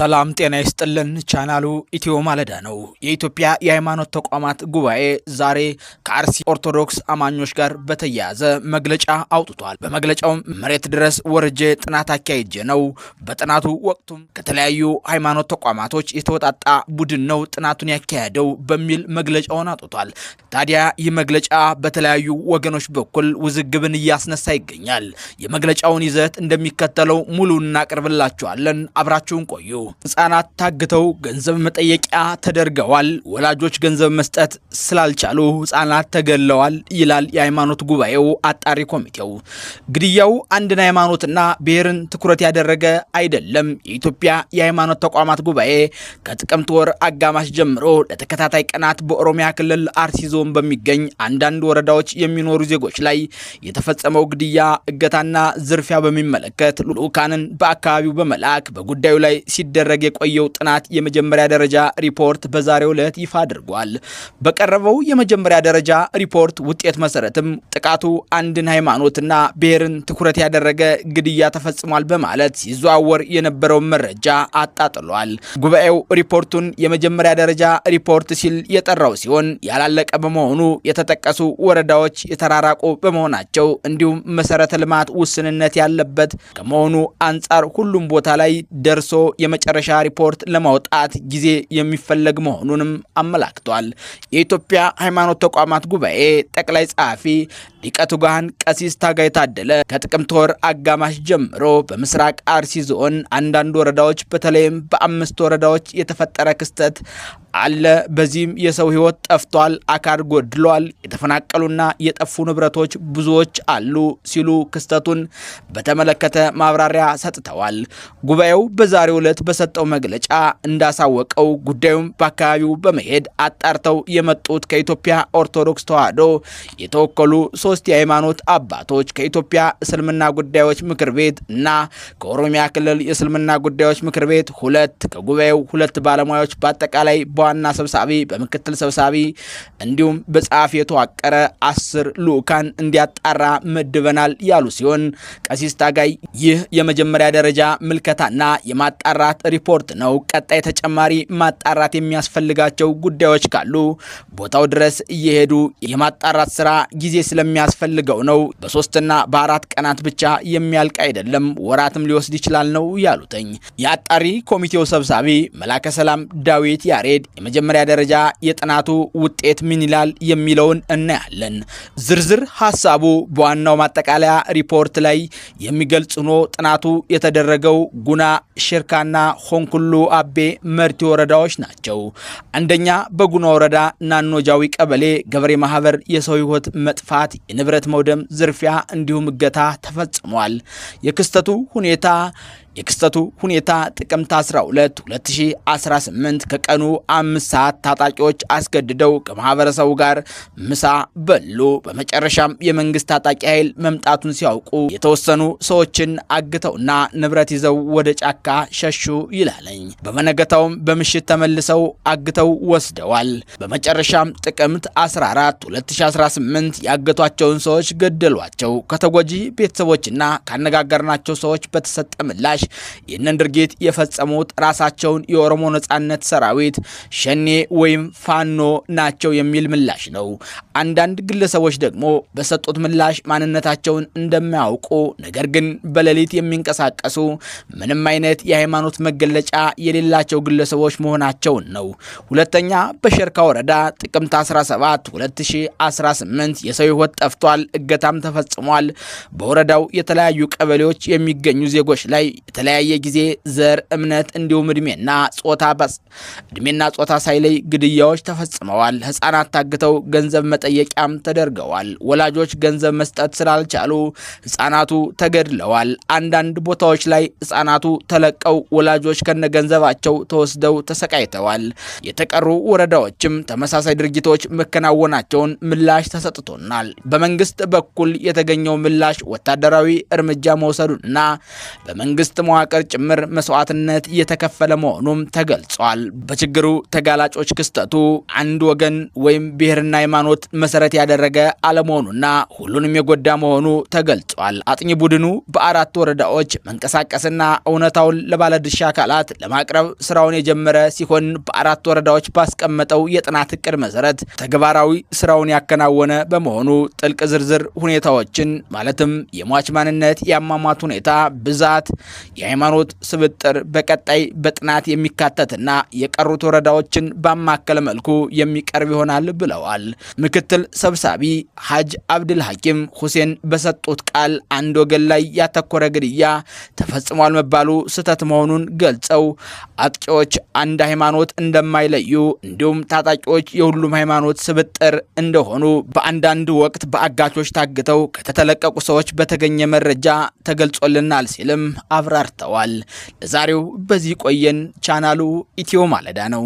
ሰላም ጤና ይስጥልን። ቻናሉ ኢትዮ ማለዳ ነው። የኢትዮጵያ የሃይማኖት ተቋማት ጉባኤ ዛሬ ከአርሲ ኦርቶዶክስ አማኞች ጋር በተያያዘ መግለጫ አውጥቷል። በመግለጫውም መሬት ድረስ ወርጄ ጥናት አካሄጄ ነው። በጥናቱ ወቅቱም ከተለያዩ ሃይማኖት ተቋማቶች የተወጣጣ ቡድን ነው ጥናቱን ያካሄደው በሚል መግለጫውን አውጥቷል። ታዲያ ይህ መግለጫ በተለያዩ ወገኖች በኩል ውዝግብን እያስነሳ ይገኛል። የመግለጫውን ይዘት እንደሚከተለው ሙሉ እናቀርብላችኋለን። አብራችሁን ቆዩ። ህጻናት ታግተው ገንዘብ መጠየቂያ ተደርገዋል። ወላጆች ገንዘብ መስጠት ስላልቻሉ ህጻናት ተገለዋል ይላል የሃይማኖት ጉባኤው አጣሪ ኮሚቴው። ግድያው አንድን ሃይማኖትና ብሔርን ትኩረት ያደረገ አይደለም። የኢትዮጵያ የሃይማኖት ተቋማት ጉባኤ ከጥቅምት ወር አጋማሽ ጀምሮ ለተከታታይ ቀናት በኦሮሚያ ክልል አርሲ ዞን በሚገኝ አንዳንድ ወረዳዎች የሚኖሩ ዜጎች ላይ የተፈጸመው ግድያ፣ እገታና ዝርፊያ በሚመለከት ልዑካንን በአካባቢው በመላክ በጉዳዩ ላይ ሲ ሲደረግ የቆየው ጥናት የመጀመሪያ ደረጃ ሪፖርት በዛሬው ዕለት ይፋ አድርጓል። በቀረበው የመጀመሪያ ደረጃ ሪፖርት ውጤት መሰረትም ጥቃቱ አንድን ሃይማኖትና ብሔርን ትኩረት ያደረገ ግድያ ተፈጽሟል በማለት ሲዘዋወር የነበረውን መረጃ አጣጥሏል። ጉባኤው ሪፖርቱን የመጀመሪያ ደረጃ ሪፖርት ሲል የጠራው ሲሆን ያላለቀ በመሆኑ የተጠቀሱ ወረዳዎች የተራራቁ በመሆናቸው እንዲሁም መሰረተ ልማት ውስንነት ያለበት ከመሆኑ አንጻር ሁሉም ቦታ ላይ ደርሶ የመጨረሻ ሪፖርት ለማውጣት ጊዜ የሚፈለግ መሆኑንም አመላክቷል። የኢትዮጵያ ሃይማኖት ተቋማት ጉባኤ ጠቅላይ ጸሐፊ ሊቀ ትጉሃን ቀሲስ ታጋይ ታደለ ከጥቅምት ወር አጋማሽ ጀምሮ በምስራቅ አርሲ ዞን አንዳንድ ወረዳዎች በተለይም በአምስት ወረዳዎች የተፈጠረ ክስተት አለ። በዚህም የሰው ሕይወት ጠፍቷል፣ አካል ጎድሏል፣ የተፈናቀሉና የጠፉ ንብረቶች ብዙዎች አሉ ሲሉ ክስተቱን በተመለከተ ማብራሪያ ሰጥተዋል። ጉባኤው በዛሬው ዕለት በሰጠው መግለጫ እንዳሳወቀው ጉዳዩን በአካባቢው በመሄድ አጣርተው የመጡት ከኢትዮጵያ ኦርቶዶክስ ተዋሕዶ የተወከሉ ሶስት የሃይማኖት አባቶች ከኢትዮጵያ እስልምና ጉዳዮች ምክር ቤት እና ከኦሮሚያ ክልል የእስልምና ጉዳዮች ምክር ቤት ሁለት ከጉባኤው ሁለት ባለሙያዎች በአጠቃላይ በዋና ሰብሳቢ በምክትል ሰብሳቢ እንዲሁም በጸሐፊ የተዋቀረ አስር ልዑካን እንዲያጣራ መድበናል ያሉ ሲሆን ቀሲስ ታጋይ ይህ የመጀመሪያ ደረጃ ምልከታና የማጣራት ሪፖርት ነው። ቀጣይ ተጨማሪ ማጣራት የሚያስፈልጋቸው ጉዳዮች ካሉ ቦታው ድረስ እየሄዱ የማጣራት ስራ ጊዜ ስለሚያስፈልገው ነው። በሶስትና በአራት ቀናት ብቻ የሚያልቅ አይደለም፣ ወራትም ሊወስድ ይችላል ነው ያሉትኝ የአጣሪ ኮሚቴው ሰብሳቢ መላከ ሰላም ዳዊት ያሬድ። የመጀመሪያ ደረጃ የጥናቱ ውጤት ምን ይላል የሚለውን እናያለን። ዝርዝር ሀሳቡ በዋናው ማጠቃለያ ሪፖርት ላይ የሚገልጽ ሆኖ ጥናቱ የተደረገው ጉና ሽርካና ሆንኩሉ አቤ መርቲ ወረዳዎች ናቸው። አንደኛ በጉና ወረዳ ናኖጃዊ ቀበሌ ገበሬ ማህበር የሰው ህይወት መጥፋት፣ የንብረት መውደም፣ ዝርፊያ እንዲሁም እገታ ተፈጽሟል። የክስተቱ ሁኔታ የክስተቱ ሁኔታ ጥቅምት 12 2018 ከቀኑ አምስት ሰዓት ታጣቂዎች አስገድደው ከማህበረሰቡ ጋር ምሳ በሉ። በመጨረሻም የመንግስት ታጣቂ ኃይል መምጣቱን ሲያውቁ የተወሰኑ ሰዎችን አግተውና ንብረት ይዘው ወደ ጫካ ሸሹ ይላለኝ። በመነገታውም በምሽት ተመልሰው አግተው ወስደዋል። በመጨረሻም ጥቅምት 14 2018 ያገቷቸውን ሰዎች ገደሏቸው። ከተጎጂ ቤተሰቦችና ካነጋገርናቸው ሰዎች በተሰጠ ምላሽ ተከሳሽ ይህንን ድርጊት የፈጸሙት ራሳቸውን የኦሮሞ ነጻነት ሰራዊት ሸኔ ወይም ፋኖ ናቸው የሚል ምላሽ ነው። አንዳንድ ግለሰቦች ደግሞ በሰጡት ምላሽ ማንነታቸውን እንደማያውቁ ነገር ግን በሌሊት የሚንቀሳቀሱ ምንም አይነት የሃይማኖት መገለጫ የሌላቸው ግለሰቦች መሆናቸውን ነው። ሁለተኛ በሸርካ ወረዳ ጥቅምት 17 2018 የሰው ህይወት ጠፍቷል፣ እገታም ተፈጽሟል። በወረዳው የተለያዩ ቀበሌዎች የሚገኙ ዜጎች ላይ የተለያየ ጊዜ ዘር፣ እምነት እንዲሁም እድሜና ጾታ እድሜና ጾታ ሳይለይ ግድያዎች ተፈጽመዋል። ህጻናት ታግተው ገንዘብ መጠየቂያም ተደርገዋል። ወላጆች ገንዘብ መስጠት ስላልቻሉ ህጻናቱ ተገድለዋል። አንዳንድ ቦታዎች ላይ ህጻናቱ ተለቀው ወላጆች ከነገንዘባቸው ተወስደው ተሰቃይተዋል። የተቀሩ ወረዳዎችም ተመሳሳይ ድርጊቶች መከናወናቸውን ምላሽ ተሰጥቶናል። በመንግስት በኩል የተገኘው ምላሽ ወታደራዊ እርምጃ መውሰዱንና በመንግስት መዋቅር ጭምር መስዋዕትነት እየተከፈለ መሆኑም ተገልጿል። በችግሩ ተጋላጮች ክስተቱ አንድ ወገን ወይም ብሔርና ሃይማኖት መሰረት ያደረገ አለመሆኑና ሁሉንም የጎዳ መሆኑ ተገልጿል። አጥኚ ቡድኑ በአራት ወረዳዎች መንቀሳቀስና እውነታውን ለባለድርሻ አካላት ለማቅረብ ስራውን የጀመረ ሲሆን በአራት ወረዳዎች ባስቀመጠው የጥናት እቅድ መሰረት ተግባራዊ ስራውን ያከናወነ በመሆኑ ጥልቅ ዝርዝር ሁኔታዎችን ማለትም የሟች ማንነት፣ የአሟሟት ሁኔታ፣ ብዛት፣ የሃይማኖት ስብጥር በቀጣይ በጥናት የሚካተትና የቀሩት ወረዳዎችን ባማከለ መልኩ የሚቀርብ ይሆናል ብለዋል። ምክትል ሰብሳቢ ሀጅ አብድል ሐኪም ሁሴን በሰጡት ቃል አንድ ወገን ላይ ያተኮረ ግድያ ተፈጽሟል መባሉ ስህተት መሆኑን ገልጸው አጥቂዎች አንድ ሃይማኖት እንደማይለዩ እንዲሁም ታጣቂዎች የሁሉም ሃይማኖት ስብጥር እንደሆኑ በአንዳንድ ወቅት በአጋቾች ታግተው ከተተለቀቁ ሰዎች በተገኘ መረጃ ተገልጾልናል ሲልም አብራ በርተዋል። ለዛሬው በዚህ ቆየን። ቻናሉ ኢትዮ ማለዳ ነው።